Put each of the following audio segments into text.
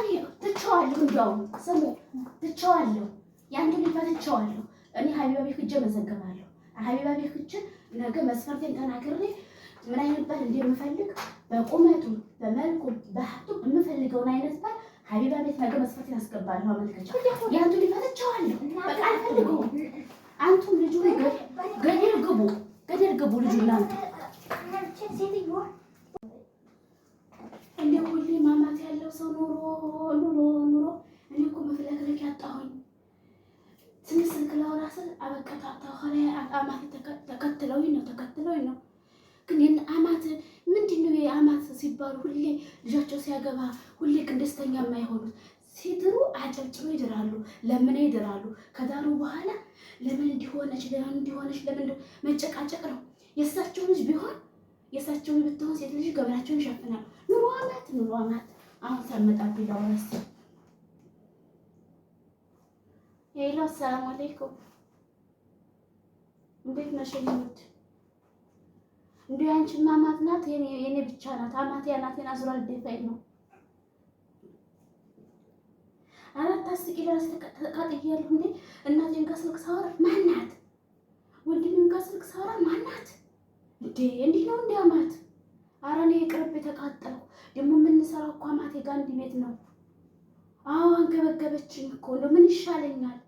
እኔ ትቼዋለሁ፣ እንዲያውም ስሙ ትቼዋለሁ፣ የአንድ ሁኔታ ትቼዋለሁ። እኔ ሀቢባ ቤት ሂጅ መዘገባለሁ። ሀቢባ ቤት ሂጅ ነገ መስፈርቴን ተናግሬ ምን አይነት ባል እንደምፈልግ በቁመቱ፣ በመልኩ፣ በሀብቱ የምፈልገውን አይነት ባል ሀቢባ ቤት ነገ መስፈርቴን አስገባለሁ። አመልከቻ የአንድ ሁኔታ ትቼዋለሁ በቃ ሲባሉ ሁሌ ልጃቸው ሲያገባ ሁሌ ደስተኛ የማይሆኑት ሲድሩ አጨብጭሮ ይድራሉ፣ ለምን ይድራሉ። ከዳሩ በኋላ ለምን እንዲሆነች ለምን እንዲሆነች ለምን መጨቃጨቅ ነው። የእሳቸው ልጅ ቢሆን የእሳቸው ልጅ ብትሆን ሴት ልጅ ገበናቸውን ይሸፍናል። ኑሮ ናት ኑሮ ናት። አሁን ሳመጣብ ላውራስ ሄሎ፣ አሰላሙ አለይኩም እንዴት ነሽ? እንዲሁ ያንቺማ አማት ናት፣ የኔ ብቻ ናት። አማቴ አናቴን ናዝራል ልደፋኝ ነው። አራት አስቂ ለራስ ተቃጥያለሁ እንዴ! እናቴን ከስልክ ስልክ ሳወራ ማናት? ወንድሜን ጋር ስልክ ሳወራ ማናት? እንዴ እንዲህ ነው እንዲ አማት። ኧረ እኔ ቅርብ የተቃጠልኩ ደግሞ የምንሰራው እኮ አማቴ ጋር እንዲህ ቤት ነው። አዎ አንገበገበችኝ እኮ እንደው ምን ይሻለኛል?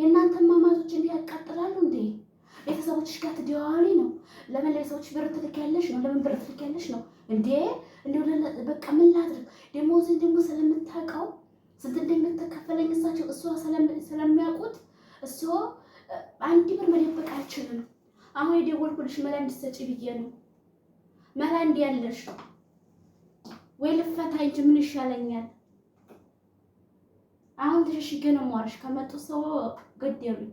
የእናንተም ማማቶች እንዲህ ያቃጥላሉ እንዴ? ቤተሰቦችሽ ጋር ትደዋዋሪ ነው። ለምን ለሰዎች ብር ትልኪያለሽ ነው። ለምን ብር ትልኪያለሽ ነው። እንዴ እንዲሁ በቃ ምን ላድርግ ደግሞ እዚህ ደግሞ ስለምታውቀው ስንት እንደምትከፈለኝ እሳቸው እሷ ስለሚያውቁት እሱ አንድ ብር መደበቅ አልችልም። አሁን የደወልኩልሽ መላ እንድትሰጪ ብዬ ነው። መላ እንዲ እንዲያለሽ ወይ ልፈታ እንጂ ምን ይሻለኛል? አሁን ተሸሽጌ ነው የማወራሽ። ከመጡ ሰው ገደሉኝ።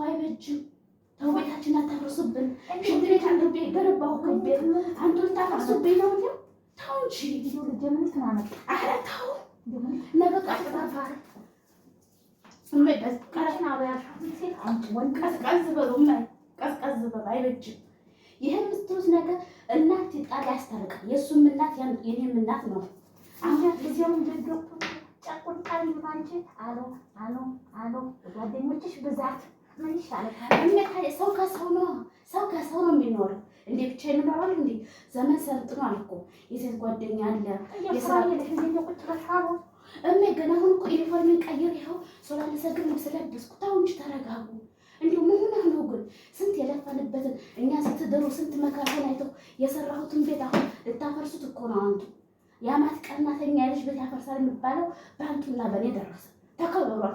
ቦታው አይበጅም። ተውቤታችን አታፍርሱብን። ሽንት ቤት አንዱ ገረባሁ ክቤት አንዱ ልታፈርሱብኝ ነው። ተው እንጂ ኧረ ተው። ነገ ቀስ ጠፋር ቀረና ቀዝቀዝ በሉ ቀዝቀዝ በሉ አይበጅም። ይህን ምትሉት ነገር እናት ጣል ያስታርቃል። የእሱም እናት የኔም እናት ነው። አሁን ጊዜውን ጀገብቶ ጨቁጣሪ ባንቺ አሎ አሎ አሎ ጓደኞችሽ ብዛት ምን ሰው ከሰው ነው፣ ሰው ከሰው ነው የሚኖረው። እንዴ ብቻ ይኖራል እንዴ? ዘመን ሰልጥኗል እኮ የሴት ጓደኛ አለ፣ እሜ አሁን እኮ ቀይር፣ ይኸው ተረጋጉ። እንዲሁ ምን ነው ግን ስንት የለፋንበትን እኛ ስትድሩ ስንት መካከል አይተው የሰራሁትን ቤት አሁን ልታፈርሱት እኮ ነው። አንቱ የአማት ቀናተኛ ልጅ ቤት ያፈርሳል የሚባለው በአንቱና በእኔ ደረሰ። ተከበሯል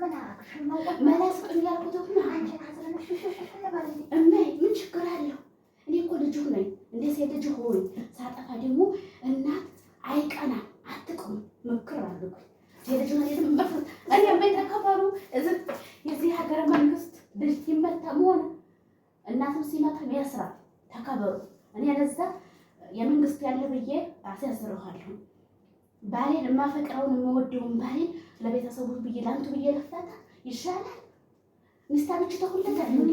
ምን ችግር አለው? እኔ እኮ ልጅ ነኝ። እንደ ሴት ልጅ ሆኖ ሳጠፋ ደግሞ እናት አይቀና አትቅሙ ምክር አድርጉ። የዚህ ሀገር መንግስት ልጅ ይመታም ሆነ እናትም ሲመታም ያስራል። ተከበሩ። እኔ ለዛ የመንግስት ያለ ብዬ ራሴ ያስረዋለሁ። ባሌን የማፈቅረውን የምወደውን ባሌን ለቤተሰቡ ብዬ ለአንቱ ብዬ ለፍታታ ይሻላል። ሚስታኖች ተሁለት ሁሉ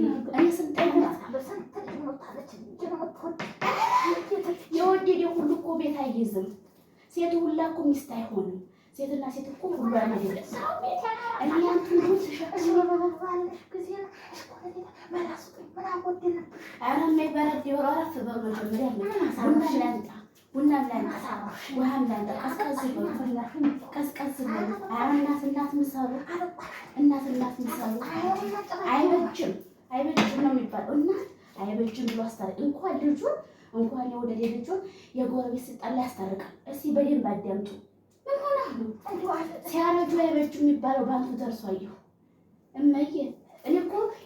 እኮ ቤት አይይዝም። ሴት ሁላ እኮ ሚስት አይሆንም። ሴትና ሴት እኮ ሁሉ አይደለም። እኔ አንቱን ኧረ እማይ በመጀመሪያ ቡናም ላንጠጣ ውሃም ላንጠጣ ቀዝቀዝ ብሎ ቀዝቀዝ ብሎ እናት እናት ምሰሩ እናት እናት ምሰሩ አይበጅም አይበጅም ነው የሚባለው። እናት አይበጅም ብሎ አስታርቅ እንኳን ልጁን እንኳን የወለደ ልጁን የጎረቤት ስልጣን ያስታርቃል። እስኪ በደንብ አዳምጡ። ምን ሆና ሲያረጁ አይበጅም የሚባለው? ባንቱ ደርሶ አየሁ እመዬ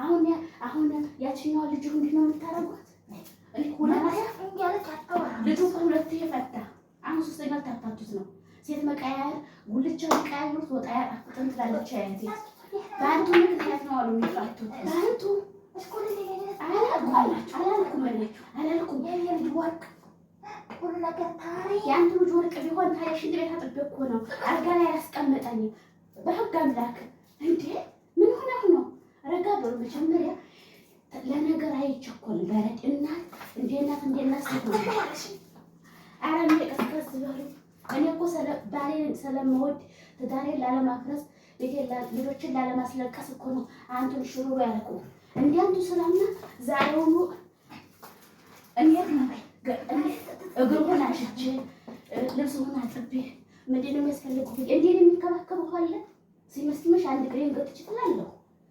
አሁን አሁን ያችኛዋ ልጅ እንዲህ ነው የምታደርጓት። ልጁ ከሁለት የፈታ አሁን ሶስተኛ ልታፋቱት ነው። ሴት መቀያየር ጉልቻ መቀያየሩት ወጣ ያጣፍጥን ትላለች አያቴ። በአንቱ ምክንያት ነው አሉ የሚፋቱት። በአንቱ የአንድ ልጅ ወርቅ ቢሆን ታዲያ ሽንት ቤት አጥቤ እኮ ነው አልጋ ላይ አላስቀመጠኝም። በህግ አምላክ እንዴ ነገሩ መጀመሪያ ለነገር አይቸኮልም። በረድ እናት እንደ እናት እንደ እናት ቀስቀስ በሉ። እኔ እኮ ባሌን ስለምወድ ትዳሬን ላለማፍረስ ልጆችን ላለማስለቀስ እኮ ነው አንቱን ሽሩ ዛሬውኑ እንዴት ነው አሽቼ አጥቤ ምንድን ነው እንዴት ሲመስልሽ አንድ ግሬን ትላለሁ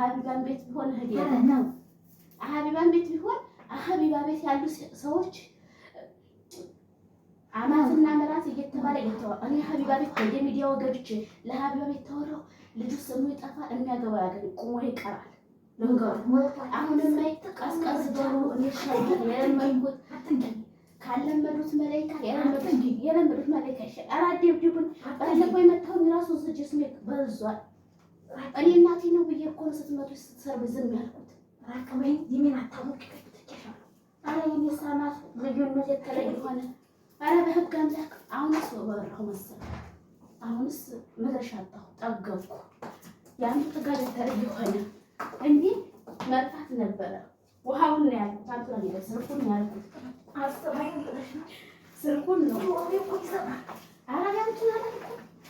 ሀቢባን ቤት ቢሆን ነው ሀቢባን ቤት ቢሆን ሀቢባ ቤት ያሉ ሰዎች አማትና መራት እየተባለ እየተዋወቀ እኔ ሀቢባ ቤት የሚዲያ ወገዶች ለሀቢባ ቤት ተወረው ልጁ ስሙ ይጠፋ የሚያገባ ያገኝ ቁሞ ይቀራል። አሁንም ላይ ቀስቀስ ደሩ የለመድኩት ካለመዱት መላይካ የለመዱት መላይካ ይሻል። አራዴ ብድቡን ባለፈው የመታውን የራሱ ስጅ ስሜት በዟል እኔ እናቴ ነው ብዬ እኮ ነው ስትመጡ ስትሰርብ ዝም ያልኩት። ራቅበኝ ይሜን አታሞቅ ይቀጥቅሻል። አረ የሚሰማት ልዩነት የተለየ ሆነ። አረ በህግ አምላክ አሁንስ በበረሁ መሰል አሁንስ መድረሻ አጣሁ፣ ጠገብኩ። የአንዱ ጥጋብ የተለየ ሆነ። እንዲህ መርጣት ነበረ። ውሃውን ነው ያልኩት። አንቱ ነገር ስልኩን ያልኩት አስጠባኝ ስልኩን ነው አረ ለምችን አላልኩም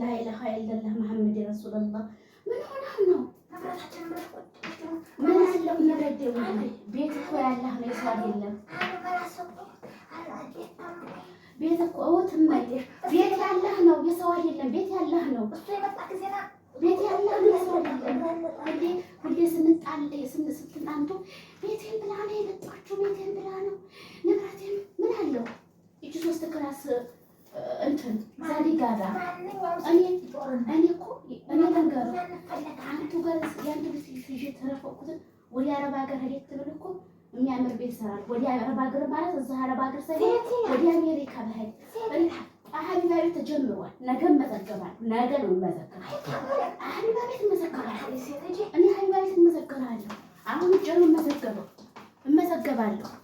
ላይለሀ የለለህ መሐመድ ረሱልላ ምን ሆነህ ነው? ምን አለው መረደው ቤት እኮ ያለህ ነው የሰው አይደለም። ቤት እኮ እውትማይ ቤት ያለህ ነው የሰው አይደለም። ቤት ያለህ ነው ቤት ያለህ ነው የሰው አይደለም። ሁሌ ስንጣል ስንስትናንቱ ቤቴን ብላ ነው የመጣችሁ ቤቴን ብላ ነው ንብረቴን ምን አለው እጅ ሶስት ክላስ እንትን ዛሬ ጋራ እኔ እኔ እኮ እኔ ነገሩ አንቱ ጋር የአንድ ልጅ ይዤ ወደ አረብ ሀገር ሄደት ትብል እኮ የሚያምር ቤት ይሰራል። ወደ አረብ ሀገር ማለት እዛ አረብ ሀገር ሳይሆን ወደ አሜሪካ ባህል አሀቢባ ቤት ተጀምሯል። ነገ መዘገባል። ነገ ነው መዘገባል። አሀቢባ ቤት መዘገባል። እኔ ሀቢባ ቤት መዘገባለሁ። አሁን ጀሩ መዘገበው እመዘገባለሁ